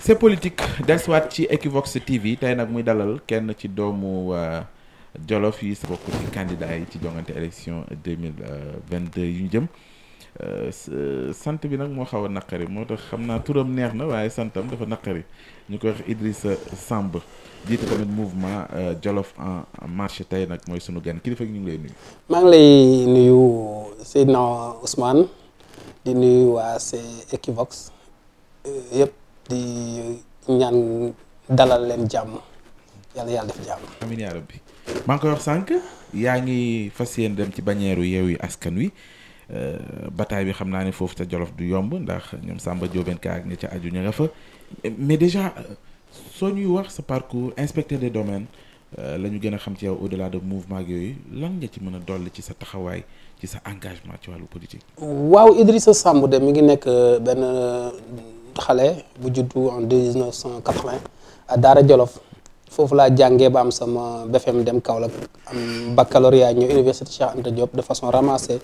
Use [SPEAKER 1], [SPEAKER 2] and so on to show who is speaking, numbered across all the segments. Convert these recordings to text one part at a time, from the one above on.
[SPEAKER 1] c'est politique dellusiwaat ci Equivox TV tey nag muy dalal kenn ci doomu euh, Jolof yi sa bokk ci candidat yi ci jongante élection yu ñu jëm euh, euh, sant bi nag moo xaw a naqari moo tax xam naa turam neex na waaye santam dafa naqari ñu koy wax Idrissa Samb jiite tamit mouvement Jolof en marche tey nag mooy sunu gan kilifa gi ñu ngi lay nuyu.
[SPEAKER 2] maa ngi lay nuyu Seydina Ousmane di nuyu waa c'est Equivox yëpp. di ñaan dalal leen jàmm yàlla yàlla def jàmm.
[SPEAKER 1] amiin yaa rabbi maa ngi koy wax sànq yaa ngi fas yéen dem ci bannière Yewwi Askan Wi euh, bataay bi xam naa ne foofu ca Jolof du yomb ndax ñoom Samba Diobène Ka ak ña ca aju ña nga fa mais déjà euh, soo ñuy wax sa parcours inspecteur des domaines. Euh, la ñu gën a xam ci yow au delà de mouvement ak yooyu lan nga ci mën a dolli ci sa taxawaay ci sa engagement ci wàllu politique.
[SPEAKER 2] waaw Idrissa Samb de mi ngi nekk euh, benn euh, xale bu juddu en deux mille cent quatre-vingt à Daara Jolof foofu laa jàngee ba am sama BFM dem Kaolack am baccalauréat ñëw université Cheikh Anta Diop de façon ramassée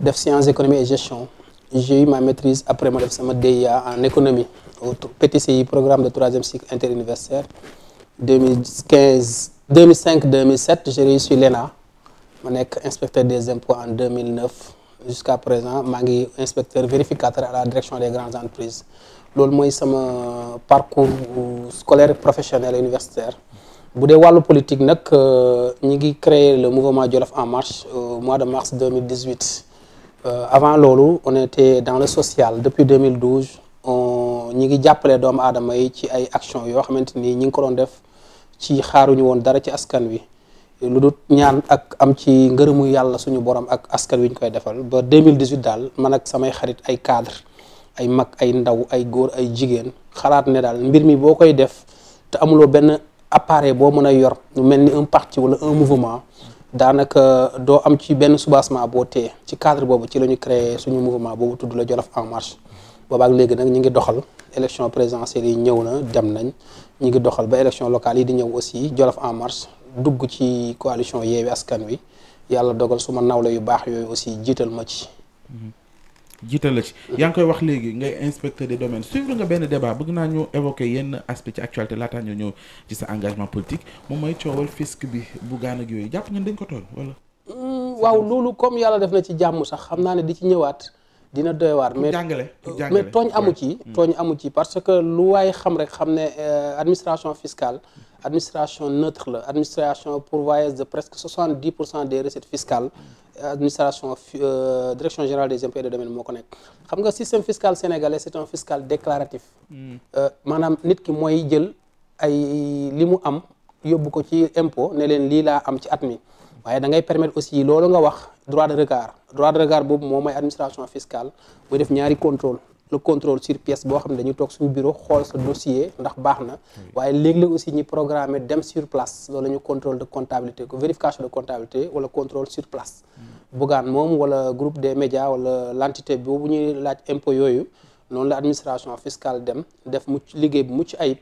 [SPEAKER 2] def sciences économie et gestion. j'ai eu ma maîtrise après ma def sama DIA en économie au PTCI programme de troisième cycle interuniversitaire 2015 2005 2007 j'ai réussi l'ENA ma nekk inspecteur des impôts en 2009 jusqu'à présent maa ngi inspecteur vérificateur à la direction des grandes entreprises loolu mooy sama parcours scolaire professionnel universitaire bu dee wàllu politique nag euh, ñi ngi créer le mouvement Jolof en marche au mois de mars 2018 euh, avant loolu on était dans le social depuis 2012 on ñi ngi jàppale doomu aadama yi ci ay actions yoo xamante ni ñi ngi ko doon def ci xaaruñu woon dara ci askan wi lu dul ñaan ak am ci ngërëmu yàlla suñu borom ak askan wi ñu koy defal ba 2018 daal man ak samay xarit ay cadre ay mag ay ndaw ay góor ay jigéen xalaat ne daal mbir mi boo koy def te amuloo benn appareil boo mën a yor lu mel ni un parti wala un mouvement daanaka doo am ci benn soubassement boo tee ci cadre boobu ci la ñu créé suñu mouvement boobu tudd la Jolof en marche boobaak léegi nag ñu ngi doxal élection présidentielle yi ñëw na dem nañ ñi ngi doxal ba élection locale yi di ñëw aussi Jolof en marche dugg ci coalition Yewwi Askan Wi yàlla dogal suma nawle yu baax yooyu aussi jiital ma ci.
[SPEAKER 1] Mhm. jiital la ci yaa ngi koy wax léegi ngay inspecteur des domaines suivre nga benn débat bëgg naa ñu évoquer yenn aspect ci actualité laataa ñu ñëw ci sa engagement politique moom mooy coowal fisc bi bu
[SPEAKER 2] gaan ak yooyu jàpp ngeen dañ ko tool wala. Mm, waaw loolu comme yàlla def na ci jàmm sax xam naa ne di ci ñëwaat. dina doy waar mais mais tooñ amu ci tooñ amu ci parce que lu waaye xam rek xam ne euh, administration fiscale administration neutre la administration pourvoyeuse de presque soixante dix pour cent des recettes fiscales euh, administration euh, direction générale des impôts et domaines moo ko nekk xam nga système fiscal sénégalais c'est un fiscal déclaratif hmm. euh, maanaam nit ki mooy jël ay li mu am yóbbu ko ci impôt ne leen lii laa am ci at mi waaye dangay ngay permettre aussi loolu nga wax droit de regard droit de regard boobu moom mooy administration fiscale muy def ñaari contrôle le contrôle sur pièce boo xam ne dañuy toog suñu bureau xool sa dossier ndax baax na waaye léeg-léeg aussi ñi programmé dem sur place loolu ñu contrôle de comptabilité ko vérification de comptabilité wala contrôle sur place bugaan moom wala groupe des médias wala l' boobu ñuy laaj impôt yooyu noonu la administration fiscale dem def mucc liggéey bu mucc ayib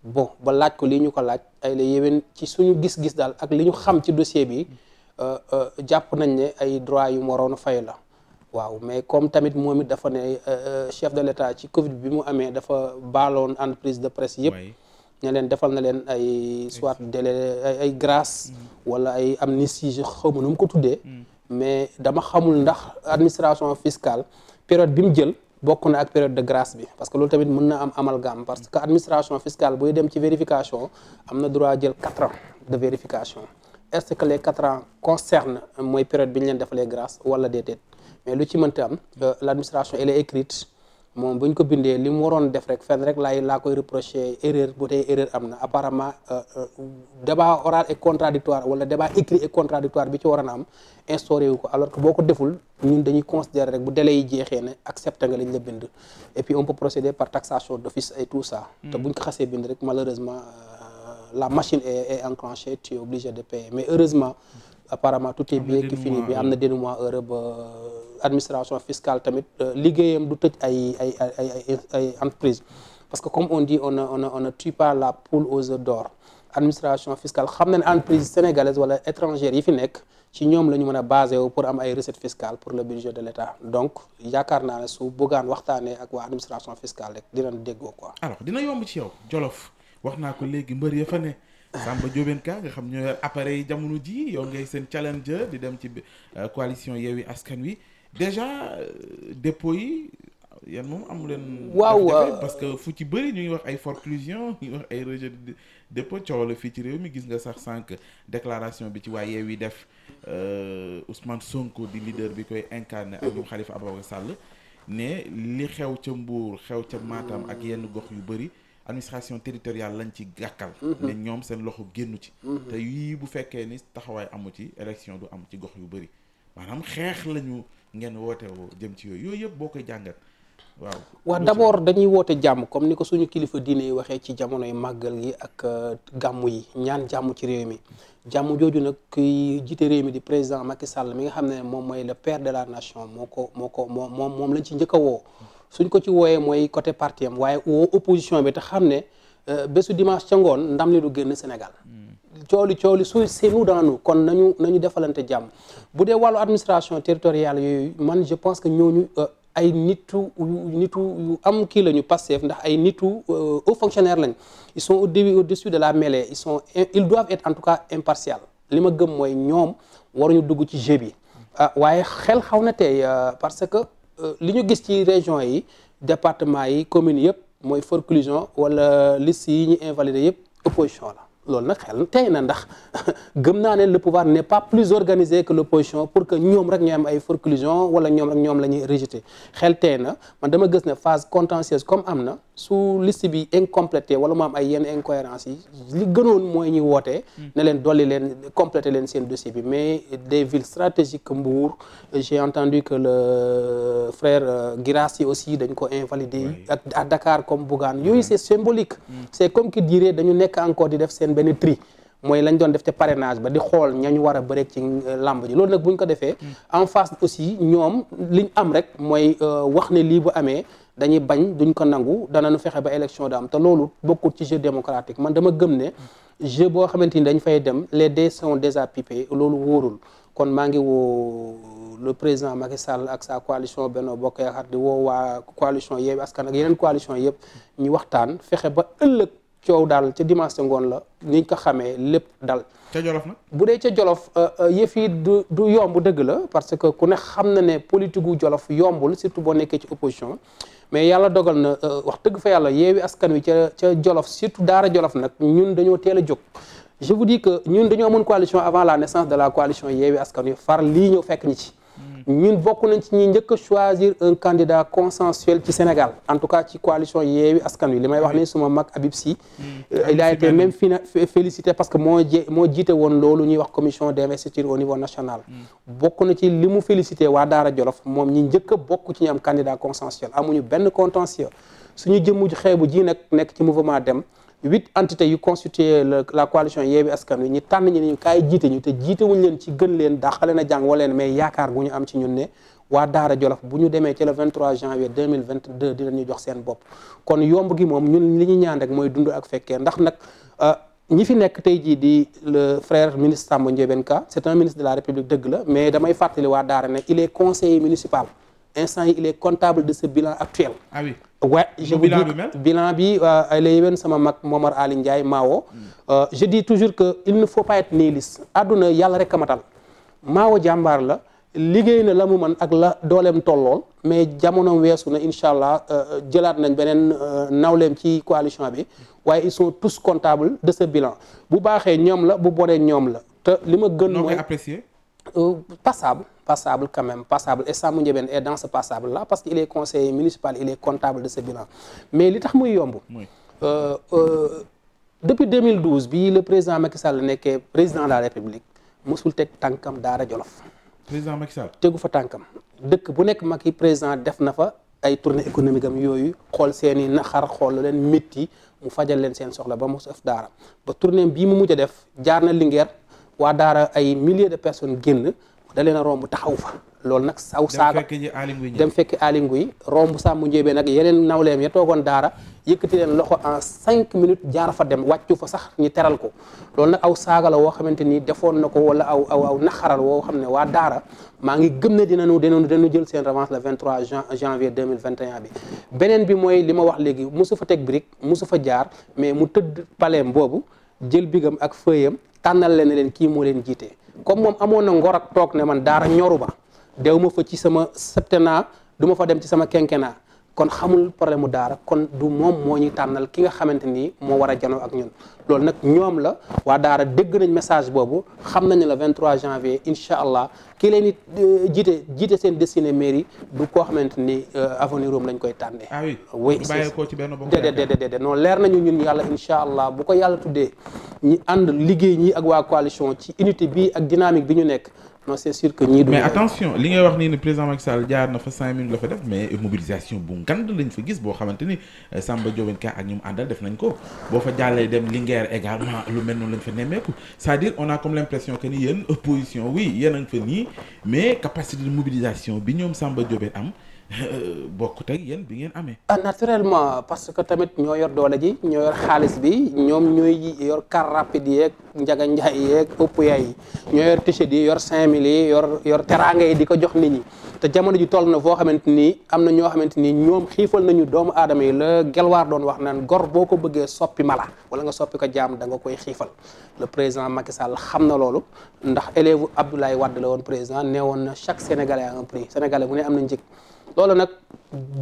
[SPEAKER 2] bon ba laaj ko lii ñu ko laaj ay la yéwén ci suñu gis-gis daal ak li ñu xam ci dossier bi euh, euh, jàpp nañ ne ay droit yu mu waroon fay la waaw mais comme tamit moom it dafa ne euh, chef de l'État ci Covid bi mu amee dafa baaloon entreprise de presse yëpp ne leen defal na leen ay soit délai ay grâce mm. wala ay amnistie xaw ma nu mu ko tuddee mm. mais dama xamul ndax administration fiscale période bi mu jël bokk na ak période de grâce bi parce que loolu tamit mën na am amalgame parce que administration fiscale buy dem ci vérification am na droit jël quatre ans de vérification est-ce que les quatre ans concernent mooy période bi ñu leen defalee grâce wala déedéet mais lu ci mënta am euh, l'administration elle est écrite moom buñ ko bindee li mu waroon def rek fenn rek laay laa koy reproché erreur bu tey erreur am na apparemment euh, euh, débat oral et contradictoire wala débat écrit et contradictoire bi ci waroon a am instauré wu ko alors que boo ko deful ñu dañuy considérer rek bu délai yi jeexee ne accepté nga lañ la bind et puis on peut procéder par taxation d'office et tout ça hmm. te buñ ko xasee bind rek malheureusement euh, la machine est, est enclenchée tu es de payer mais heureusement apparemment tout est bien qui finit bi am na dénouement heureux ba euh, administration fiscale tamit euh, liggéeyam du tëj ay entreprise parce que comme on di on ne on on ne tue pas la poule au œufs d'or administration fiscale xam na ne entreprise sénégalaise wala étrangère yi fi nekk ci ñoom la ñu mën a basé wu pour am ay recettes fiscales pour le budget de l'État donc yaakaar naa su bëggaan waxtaanee ak waa administration fiscale rek dinañ déggoo quoi.
[SPEAKER 1] alors dina yomb ci yow Jolof Samba Ndiobène Ka nga xam ñoo yor appareil yi jamono ji yow ngay seen challenger di dem ci euh, coalition yi Askan Wi déjà euh, dépo yi yan moom amu leen. waaw parce que fu ci bëri ñu ngi wax ay forclusion ñu ngi wax ay rejet de dépôt coow la fii ci réew mi gis nga sax sànq déclaration bi ci waa Yewwi def euh, Ousmane Sonko di leader bi koy incarné ak ñoom Khalifa Ababacar Sall ne li xew ca Mbour xew ca Matam ak yenn gox yu bëri. administration territoriale lañ ci gàkkal mhm. ne ñoom seen loxo génnu ci mhm. te yii bu fekkee ni taxawaay amu ci élection du am ci gox yu bëri maanaam xeex lañu ngeen woote woo jëm ci yooyu yooyu yëpp boo koy jàngat waaw
[SPEAKER 2] waaw d'abord dañuy woote jàmm comme ni ko suñu kilifa diine yi waxee ci jamonoy màggal gi ak euh, gàmm yi ñaan jàmm ci réew mi jàmm jooju nag kuy jiite réew mi di président Macky Sall mi nga xam ne moom mooy le père de la nation moo ko moo ko moo moom moom lañ njëkk a woo suñ ko ci wooyee mooy côté parti waaye opposition bi te xam ne euh, bésu dimanche ca ngoon ndam li du génn Sénégal mm. cooli cooli su c'est nous dans nous kon nañu nañu defalante jàmm bu dee wàllu administration territoriale yooyu man je pense que ñooñu euh, ay nittu nitu yu am kii la ñu Pastef ndax ay nitu euh, hauts fonctionnaires lañ ils sont au dessus de la mêlée ils sont ils doivent être en tout cas impartial li ma gëm mooy ñoom war ñu dugg ci jeu bi ah waaye xel xaw na tey parce que Euh, li ñu gis ci région yi département yi communes yëpp mooy forclusion wala liste yi ñu invalidé yëpp opposition la loolu nag xel tey na ndax gëm naa ne le pouvoir n'est pas plus organisé que l'opposition pour que ñoom rek ñooy am ay forclusion wala ñoom rek ñoom la ñuy rejeté xel tey na man dama gis ne phase contentieuse comme am na su liste bi incomplété wala mu am ay yenn incohérence yi li gënoon mooy ñuy wootee hmm. ne dolli leen complété leen seen dossier bi mais des villes stratégiques Mbour j'ai entendu que le frère euh, Guirassi aussi dañ ko invalidé ak à Dakar comme Bougane yooyu hmm. c'est symbolique hmm. benn tri mooy lañ doon def ca parrainage ba di xool ñañ war a bëreeg ci euh, làmb ji loolu nag buñ ko defee mm. en face aussi ñoom liñ am rek mooy euh, wax ne lii bu amee dañuy bañ duñ ko nangu danañu fexe ba élection da am te loolu bokkul ci jeu démocratique man dama gëm ne mm. jeu boo xamante ni dañ fay dem les dés sont déjà pipés loolu wóorul kon maa ngi woo le président Macky ak sa coalition Benno Bokk Yaakaar di woo waa coalition Yewwi Askan ak yeneen coalition yëpp coow daal ca dimanche ngoon la niñ ko xamee lépp dal. ca bu dee ca jolof euh, euh, yëf yi du du yomb dëgg la parce que ku ne xam na ne politique gu jolof yombul surtout boo nekkee ci opposition. mais yàlla dogal na euh, wax dëgg fa yàlla yeewi askan wi ca ca jolof surtout daara jolof nag ñun dañoo teel a jóg. je vous dis que ñun dañoo amoon coalition avant la naissance de la coalition yeewi askan wi far lii ñëw fekk ñi ci. ñun bokk nañ ci ñi njëkk a choisir un candidat consensuel ci Sénégal en tout cas ci coalition Yewwi Askan Wi li may wax ni suma mag Habib Sy euh, il a été même félicité parce que moo j moo jiite woon loolu ñuy wax commission d'investiture au niveau national bokk na ci li mu félicité waa Daara Jolof moom ñi njëkk bokk ci ñi am candidat consensuel amuñu benn contentieux suñu jëmmu xeebu jii nag nekk ci mouvement dem huit entités yu constitué la coalition Yewwi Askan Wi ñi tànn ñi ne ñu kaay jiite ñu te jiite wuñ leen ci gën leen dàqale na jàng wala leen mais yaakaar gu ñu am ci ñun ne waa Daara Jolof bu ñu demee ci le 23 janvier 2022 dinañu jox seen bopp kon yomb gi moom ñun li ñu ñaan rek mooy dund ak fekkee ndax nag euh, ñi fi nekk tey jii di le frère ministre Samba Ndiobène Ka c'est un ministre de la République dëgg la mais damay fàttali waa Daara ne il est conseiller municipal instant de ce bilan Ouais, je vous bilan dis bilan bi euh, la sama mag Momar Ali Ndiaye Mao hmm. euh, je dis toujours que il ne faut pas être àdduna yàlla rek a matal Mao jàmbaar la liggéey na la mu man ak la dooleem tollool mais jamono weesu na incha allah euh, jëlaat nañ beneen nawleem ci coalition bi hmm. waaye ils sont tous comptables de ce bilan bu baaxee ñoom la bu bonee ñoom la te li ma gën mooy passable passable quand même, passable. Et Samou Ndiébène est dans ce passable-là parce qu'il est conseiller municipal, il est comptable de ce bilan. Mais li tax muy yomb. Euh, euh, depuis 2012 bi le président Macky Sall nekkee président de la République mosul teg tànkam Daara Jolof. président tegu fa tànkam. dëkk bu nekk mag yi président def na fa ay tournée économique am yooyu xool seeni naxar xool leen métti mu fajal leen seen soxla ba mu ëf Daara ba tournée bii mu mujj def jaar na Linguère waa de personnes génn. da leen a romb taxaw fa loolu nag saw saaga dem fekki alingu yi romb sàmm njóobee nag yeneen nawleem ya toogoon daara yëkkati leen loxo en cinq minutes jaar fa dem wàccu fa sax ñu teral ko loolu nag aw saaga la woo xamante ni defoon na ko wala aw aw aw naxaral woo xam ne waa daara maa ngi gëm ne dinañu dinañu dinañu jël seen revanche le 23 jan janvier 2021 bi beneen bi mooy li ma wax léegi mosu fa teg brique mosu fa jaar mais mu tëdd paleem boobu jël bigam ak fëyam tànnal leen ne leen kii moo leen jiite comme moom amoon na ngor ak toog ne man daara ñoru ba dew ma fa ci sama septennat naa duma fa dem ci sama quinquennat kon xamul problème mu daara kon du moom moo ñuy tànnal ki nga xamante ni moo war a janoo ak ñun loolu nag ñoom la waa daara dégg nañ message boobu xam nañ le 23 janvier incha allah kii leen di euh, jiite jiite seen destiné mairie du koo xamante ni euh, avenir am lañ koy tànnee. ah oui bàyyi ko ci benn bopp déedéet déedéet non leer nañu ñun yàlla incha allah bu ko yàlla tuddee ñi ànd liggéey ñi ak waa coalition ci unité bi ak dynamique bi ñu nekk. non c'est sûr que ñii mais attention
[SPEAKER 1] li ngay wax nii ne président Macky Sall jaar na fa cinq minutes la fa def mais mobilisation bu ngand lañ fa gis boo xamante ni euh, Samba Diobène Ka ak ñoom mu àndal def nañ ko boo fa jàllee dem Linguère également lu mel noonu lañ fa nemmeeku c'est-à-dire on a comme l'impression que ni yéen opposition oui yéen a ngi nii mais capacité de mobilisation bi ñoom Samba Diobène am Euh, bokkut ak yéen bi ngeen amee.
[SPEAKER 2] ah naturellement parce que tamit ñoo yor doole ji ñoo yor xaalis bi ñoom ñooy yor car rapide yeeg njaga njaay yeeg ëpp yaay ñoo yor t yi yor cinq mille yi yor yor teraanga yi di ko jox nit ñi te jamono ji toll na foo xamante ni am na ñoo xamante ni ñoom xiifal nañu doomu aadama yi la gelwaar doon wax naan gor boo ko bëggee soppi mala wala nga soppi ko jaam da nga koy xiifal le président Macky Sall xam na loolu ndax élève Abdoulaye Wade la woon président nee woon na chaque sénégalais a un prix am na njëg loolu nag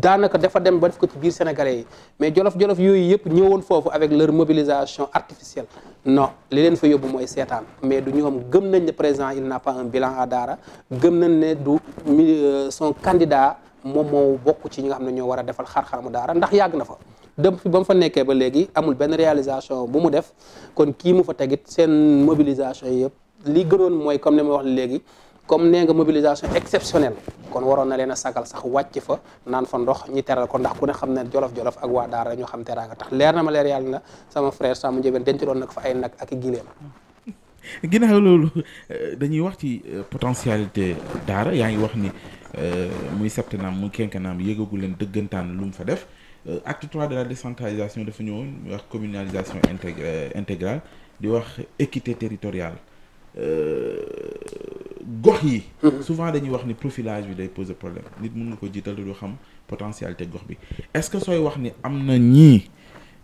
[SPEAKER 2] daanaka dafa dem ba def ko ci biir sénégalais yi mais jolof-jolof yooyu yëpp ñëwoon foofu avec leur mobilisation artificielle non li leen fa yóbbu mooy seetaan mais du ñoom gëm nañ ne président il n'a pas un bilan à daara gëm nañ ne du euh, son candidat moom moo bokk ci ñi nga xam ne ñoo war a defal xar-xaramu daara ndax yàgg na fa dem fi ba mu fa nekkee ba léegi amul benn réalisation bu mu def kon kii mu fa tegit seen mobilisation yëpp li gënoon mooy comme li ma léegi comme nee nga mobilisation exceptionnelle kon waroon na leen a sagal sax wàcc fa naan fa ndox ñi teral ko ndax ku ne xam ne jolof-jolof ak waa daara ñoo xam teraanga tax leer na ma leer yàlla na sama frère sama njëbeen denc doon nag ay nag ak gileem
[SPEAKER 1] loolu euh, dañuy wax ci euh, potentialité daara yaa ngi wax ni euh, muy septennam muy quinquennam yéegagu leen dëggantaan lu fa def acte trois de la décentralisation dafa ñëwoon wax communalisation intégrale di wax équité territoriale gox yi. Mm-hmm. souvent dañuy wax ni profilage bi day poser problème nit mun nga ko jiital du xam potentialité gox bi est-ce que sooy wax ni am na ñii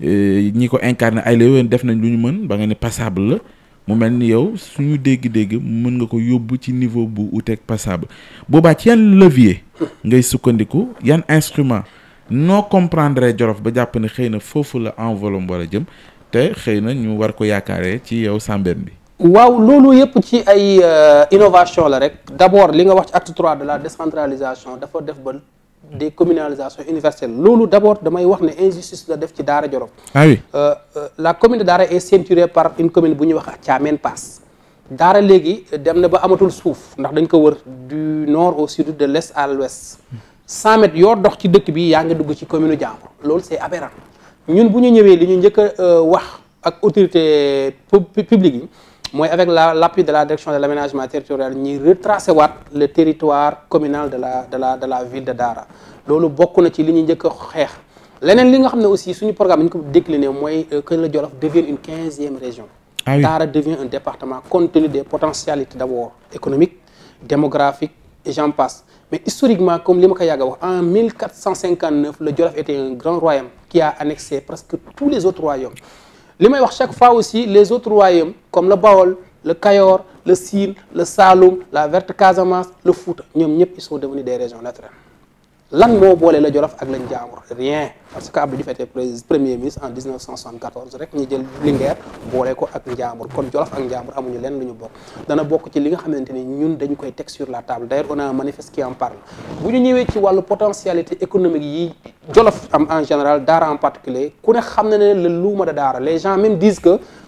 [SPEAKER 1] eh, ñi ko incarné ay la yoon def nañ lu ñu mën ba nga ne passable la mu mel ni yow suñu dégg-dégg mën nga ko yóbbu ci niveau bu uteeg passable boobaa ci yan levier ngay sukkandiku yan instrument noo comprendre jorof ba jàpp ne xëy na foofu la envolom war a jëm te xëy na ñu war ko yaakaaree ci yow Sambène bi.
[SPEAKER 2] waaw loolu yëpp ci ay euh, innovation la rek d' abord li nga wax ci acte trois de la décentralisation dafa def ba décommunalisation universelle loolu d' abord damay wax ne injustice la def ci Daara Jolof. ah euh, euh, la commune de Daara est ceinturée par une commune bu ñu wax Thiamène Pass. Daara léegi dem na ba amatul suuf ndax dañ ko wër du nord au sud de l' est à l' ouest yoo dox ci dëkk bi yaa ngi dugg ci commune jàmbur loolu c' est ñun bu ñu ñëwee li ñu njëkk a wax ak autorité publique yi. mooy avec la l'appui de la direction de l'aménagement territorial ñuy retracé waat le territoire communal de la de la de la ville de Daara loolu bokk na ci li ñu njëkk a xeex leneen li nga xam ne aussi suñu programme ñu ko décliné mooy euh, que le Djolof devienne une quinzième région ah oui. Daara devient un département compte des potentialités d'abord économiques démographiques et j'en mais historiquement comme li ma ko yàgg a wax en 1459 le Djolof était un grand royaume qui a annexé les autres royaumes li may wax chaque fois aussi les autres royaumes comme le Baol le Kayor le Sine le Saloum la verte Casamance la Fouta ñoom ñëpp i sont devenus des régions naturelles lan moo boolee la Jolof ak la jaamur rien parce que Abdou Diouf était premier ministre en 1974 rek ñu jël Linguère boole ko ak njaamur kon Jolof ak njaamur amuñu lenn lu ñu bokk dana bokk ci li nga xamante ni ñun dañ koy teg sur la table d'ailleurs on a un manifeste qui en parle bu ñu ñëwee ci wàllu potentialité économique yi Jolof am en général Daara en particulier ku ne xam na ne le luuma de Daara les gens même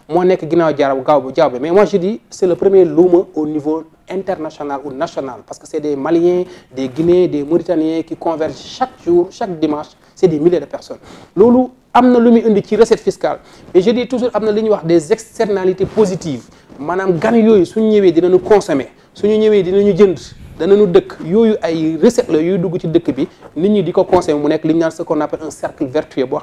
[SPEAKER 2] moo nekk ginnaaw jaarabu gaaw bu jaaw mais moi je dis c'est niveau international ou national parce que c'est des Maliens des Guinéens des Mauritaniens qui convergent chaque jour chaque dimanche c'est des milliers de personnes loolu am na lu muy indi ci recette fiscale et je toujours am na lu ñuy wax des externalités positives maanaam gan yooyu suñu ñëwee dinañu consommer suñu ñëwee dinañu jënd dana ñu dëkk yooyu ay recette la yooyu dugg ci dëkk bi nit ñi di ko consommer mu nekk li ñu naan ce qu'on appelle un xam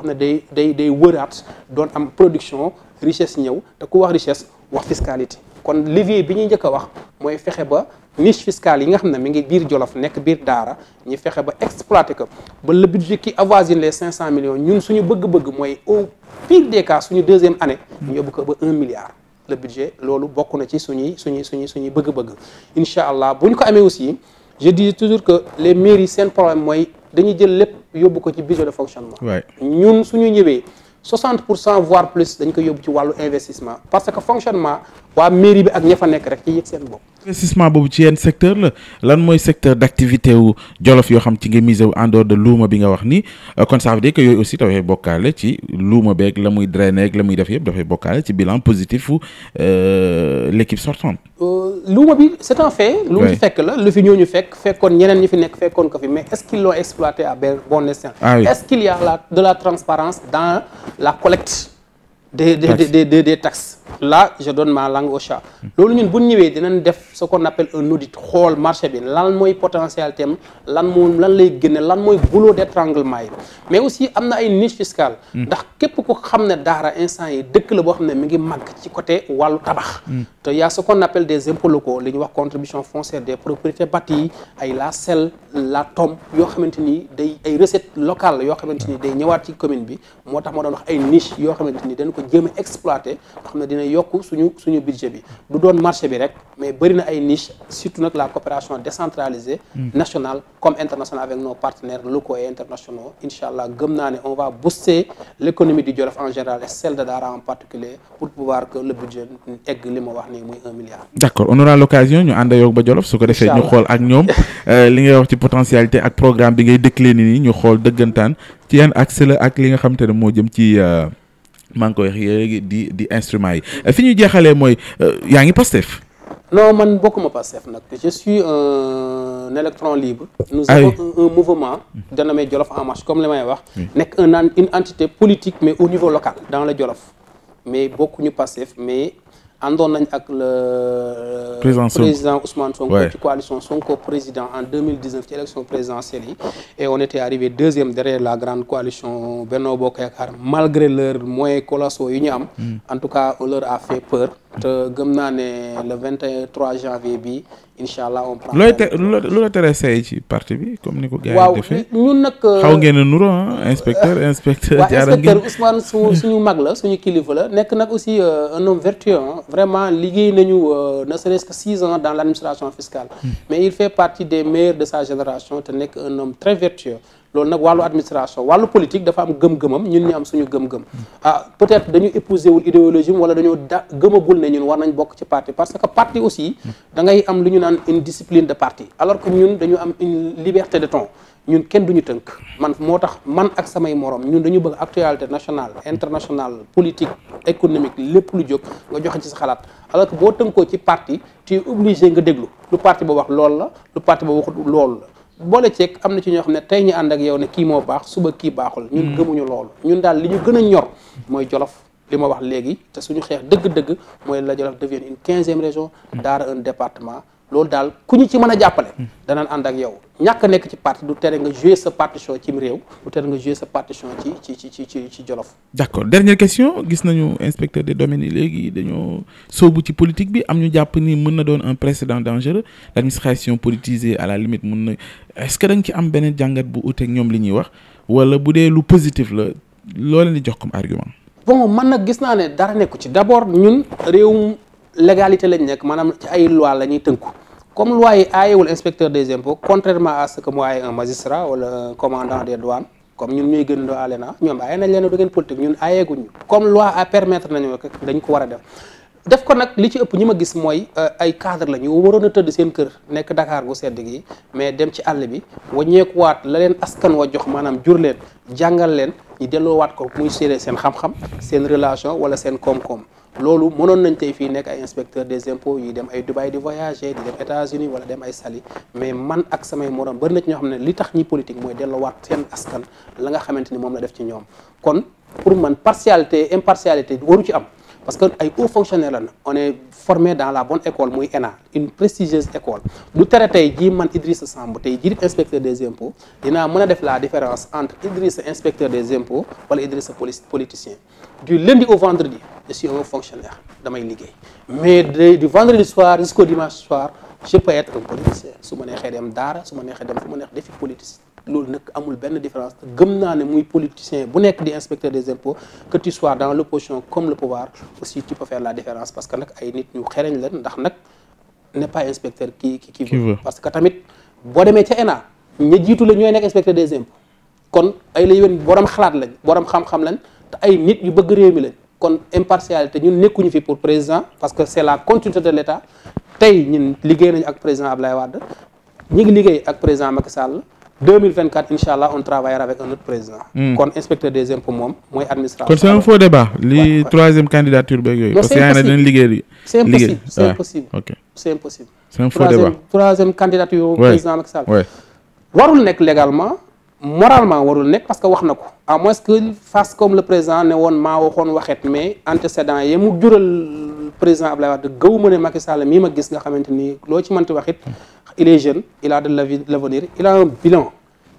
[SPEAKER 2] ne day day day wëraat doon am production richesse ñëw te ku wax richesse wax fiscalité kon levier bi ñuy njëkk wax mooy fexe ba niche fiscale yi nga xam ne mi ngi biir Jolof nekk biir Daara ñu fexe ba exploité ko ba le budget qui avoisine les 500 millions ñun suñu bëgg-bëgg mooy au pire des cas suñu deuxième année ñu yóbbu ko ba un milliard. le budget loolu bokk na ci suñuy suñuy suñuy suñuy bëgg-bëgg incha allah bu ñu ko amee aussi je di toujours que les mairies seen problème mooy dañu jël lépp yóbbu ko ci budget de fonctionnement. ñun suñu ñëwee 60 pour cent voire plus dañ ko yóbbu ci wàllu investissement parce que fonctionnement. waa mairie bi ak ña nekk rek ci yëg seen bopp.
[SPEAKER 1] investissement boobu ci yenn secteur la lan mooy secteur d' activité Jolof yoo xam ci nga mise wu en dehors de luuma bi nga wax ni euh, kon ça veut dire que yooyu aussi dafay bokkaale ci luuma la muy drainer ak la muy def yëpp dafay bokkaale ci bilan positif wu euh, l' équipe sortante.
[SPEAKER 2] Euh, luuma bi c' est un fait. lu mu fekk la lu fi ñu fekk fekkoon ñeneen ñi fi nekk fekkoon ko fi mais est ce qu' ils l' ont exploité à bon escient. ah oui est ce qu'il y a de la transparence dans la collecte. des des des des des taxes là je donne ma langue au loolu ñun bu ñëwee dinañ def ce ko appelle un audit xool marché bi lan mooy potentiel tem lan moo lan lay génne lan mooy goulot d'étranglement yi mais aussi am na ay niche fiscale hmm. ndax képp ku xam ne daara instant yi dëkk la boo xam ne mi ngi màgg ci côté wàllu tabax hmm. te yaa a ko qu'on appelle des impôts ko li ñuy wax contribution foncière des propriétés bâties ay la sel la tom yoo xamante ni day ay recette locale yoo xamante ni day ñëwaat ci commune bi moo tax moo doon wax ay niche yoo xamante jéem a exploité nga xam ne dina yokk suñu suñu budget bi du doon marché bi rek mais bëri na ay niche surtout nag la coopération décentralisée hmm. national comme internationale avec nos partenaires locaux et internationaux incha allah gëm naa ne on va booster l'économie du Djolof en général et celle de Dahra que le budget egg li ma wax nii muy un milliard
[SPEAKER 1] d'accord on aura l'occasion ñu ba Djolof su ko defee ñu xool ak ñoom euh, li ngay wax ci potentialité ak programme bi ngay décliner nii ñu xool dëggantaan ci yan accès la ak li nga xam te ne moo jëm ci euh, maa ngi koy wax léegi di di instruments yi fi ñu jeexalee mooy euh, yaa ngi Pastef.
[SPEAKER 2] non man bokkuma Pastef nag je suis un électron libre. nous ah avons un mouvement. dénommé Jolof en marche comme li may wax. nekk un une entité politique mais au niveau local dans le Jolof mais bokkuñu Pastef mais. àndoon nañ ak le euh, président, président Ousmane Sonko ouais. ci coalition Sonko président en 2019 ci élection présidentielle yi et on était arrivé deuxième derrière la grande coalition Benno Bokk Yaakaar malgré leurs moyens colossaux yu ñu am mm. en tout cas leur a fait peur mm. te gëm naa ne le 23 janvier bi incha allah on
[SPEAKER 1] prend. lu la tere say ci parti bi comme waaw
[SPEAKER 2] ñun nag. Euh, xaw ngeen
[SPEAKER 1] a nuroo ah inspecteur inspecteur. jaara ngeen
[SPEAKER 2] waaw inspecteur su suñu mag la suñu kilifa la nekk nag aussi euh, un homme vertueux vraiment liggéey nañu euh, ne serait-ce que six ans dans l' administration fiscale. Hmm. mais il fait partie des meilleurs de sa génération te nekk un homme très vertueux. loolu nag wàllu administration wàllu politique dafa am gëm-gëmam ñun ñu am suñu gëm-gëm ah peut-être dañu épouser wul idéologie wala dañoo da gëmagul ne ñun war nañ bokk ci parti parce que parti aussi da ngay am lu ñu naan une discipline de parti alors que ñun dañu am une liberté de temps ñun kenn duñu tënk man moo tax man ak samay morom ñun dañu bëgg actualité nationale internationale politique économique lépp lu jóg nga joxe ci sa xalaat alors que boo tënkoo ci parti tu obligé nga déglu lu parti ba wax loolu la lu parti ba loolu la boole ceek am na ci ñoo xam ne tey ñu ànd ak yow ne kii moo baax suba kii baaxul ñun hmm. gëmuñu loolu ñun daal li ñu gën a ñor mooy jolof li ma wax léegi te suñu xeex dëgg-dëgg mooy la jolof devienne une quinzième région hmm. daara un département loolu daal ku ñu ci mën a jàppale danañ ànd ak yow ñàkk nekk ci parti du tere nga jouer sa partition ci réew du tere nga jouer sa partition ci ci ci ci ci ci Jolof
[SPEAKER 1] d'accord dernière question gis nañu inspecteur de domaines yi léegi dañoo sóobu ci politique bi am ñu jàpp ni mën na doon un précédent dangereux l'administration politisée à la limite mun na est-ce que da ci am beneen jàngat bu uteeg ñoom li ñuy wax wala bu dee lu positif la looleen di jox comme argument
[SPEAKER 2] bon man nag gis naa ne dara nekku ci d'abord ñun réewum légalité lañ nekk maanaam ci ay loi la ñuy tënku comme loi yi aayewul inspecteur des impôts contrairement à ce que mu aaye un magistrat wala un commandant des douanes comme ñun ñuy gën doo alena ñoom aaye nañ leen du ngeen politique ñun aayeeguñ ñu comme loi à permettre nañu dañ ko war a def def ko nag li ci ëpp ñi ma gis mooy euh, ay cadre la ñu waroon a tëdd seen kër nekk Dakar gu sedd gi mais dem ci àll bi waññeekuwaat la leen askan wa jox maanaam jur leen jàngal leen ñu delloowaat ko muy séedee seen xam-xam seen relation wala seen koom-koom loolu mënoon nañ tey fii nekk ay inspecteurs des impôts yi dem ay Dubaï di voyager di dem États-Unis wala dem ay Saly mais man ak samay morom bari na ci ñoo xam ne li tax ñi politique mooy delloowaat seen askan la nga xamante ni moom la def ci ñoom kon pour man partialité impartialité waru ci am parce que ay hauts fonctionnaires la na est formé dans la bon école muy ENA une prestigieuse école lu tere tey jii man Idrissa Samb tey jii inspecteur des impôts dinaa mën a def la différence entre Idrissa inspecteur des impôts wala Idrissa politicien du lundi au vendredi je suis un fonctionnaire damay liggéey mais du vendredi soir jusqu'au dimanche soir je peux politicien su ma neexee dem daara su ma neexee dem fu ma neex defi politicien loolu nag amul benn différence gëm naa ne muy politicien bu nekk di inspecteur des impôts que tu sois dans l'opposition comme le pouvoir aussi tu peux faire la différence parce que nag ay nit ñu xereñ leen ndax nag n'est pas inspecteur qui qui veut parce que tamit boo demee ca ENA ña jiitu la ñooy nekk inspecteur des impôts kon ay la yéen borom xalaat lañ borom xam-xam lañ te ay nit yu bëgg réew mi lañ kon impartialité ñun nekkuñu fi pour président parce que c'est la continuité de l'État tey ñun liggéey nañu ak président Ablaye Wade ñu ngi liggéey ak président Macky Sall 2024 incha allah on travaillera avec un autre président. Hmm. kon inspecteur des impôts moom mooy administration. kon c'est un faux débat li troisième
[SPEAKER 1] candidature beeg yooyu. parce que yaa ngi ne dinañ liggéey. c'est impossible c'est impossible
[SPEAKER 2] c'est impossible. c'est un faux débat troisième troisième candidature. président Macky nekk légalement. moralement warul nekk parce que wax na ko à moins que fasse comme le président ne woon maa waxoon waxet mais antécédent yi mu jural président Ablaye Wade gëwuma ne Macky Sall mii ma gis nga xamante ni loo ci mënti waxit il est jeune il a de l'avenir il a un bilan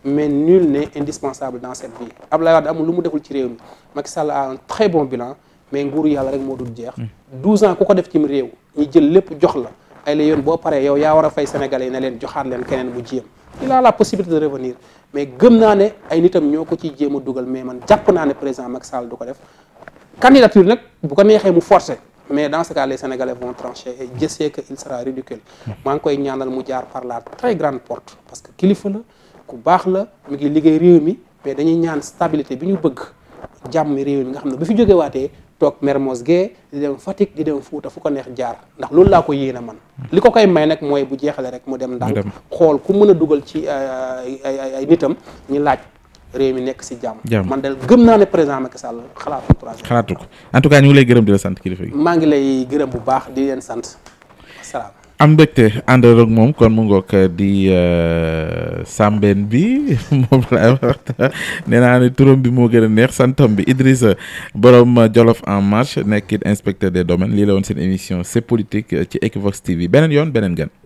[SPEAKER 2] mais nul n'est indispensable dans cette vie Ablaye Wade amul lu mu deful ci réew mi Macky Sall a un très bon bilan mais nguuru yàlla rek moo dul jeex 12 ans ku ko def ci réew ñu jël lépp jox la ay la boo paree yow yaa war a fay sénégalais yi ne leen joxaat leen keneen bu jiyam il la possibilité de mais gëm naa ne ay nitam ñoo ko ciy jéem a dugal mais man jàpp naa ne président mag Sall du ko def candidature nag bu ko neexee mu force mais dans ce cas les sénégalais vont trancher je sais que il sera ridicule hmm. maa ngi koy ñaanal mu jaar par la très grande porte parce que kilifa la ku baax la mu ngi liggéey réew mi mais dañuy ñaan stabilité bi ñu bëgg jàmm réew mi nga xam ne bu fi jógewaatee toog Mermoz Gueye di dem Fatick di dem Fuuta fu ko neex jaar ndax loolu laa ko yéene man li ko koy may nag mooy bu jeexale rek mu dem ndànk xool ku mën a dugal ci euh, ay ay nitam ñu laaj réew mi nekk si jàmm man dal gëm naa ne président Macky Sall xalaatu troisième
[SPEAKER 1] xalaatu ko en tout cas ñu lay gërëm di la sant kilifa gi
[SPEAKER 2] maa ngi lay gërëm bu baax di leen sant asalaam
[SPEAKER 1] am mbégte ànd moom kon mu ngoog di euh, sambeen bi moom laa wax nee naa ne turam bi moo gën a neex santam bi Idrissa borom Jolof en marche nekkit inspecteur des domaines lii la woon seen émission c'est politique ci Equivox TV beneen yoon beneen gan.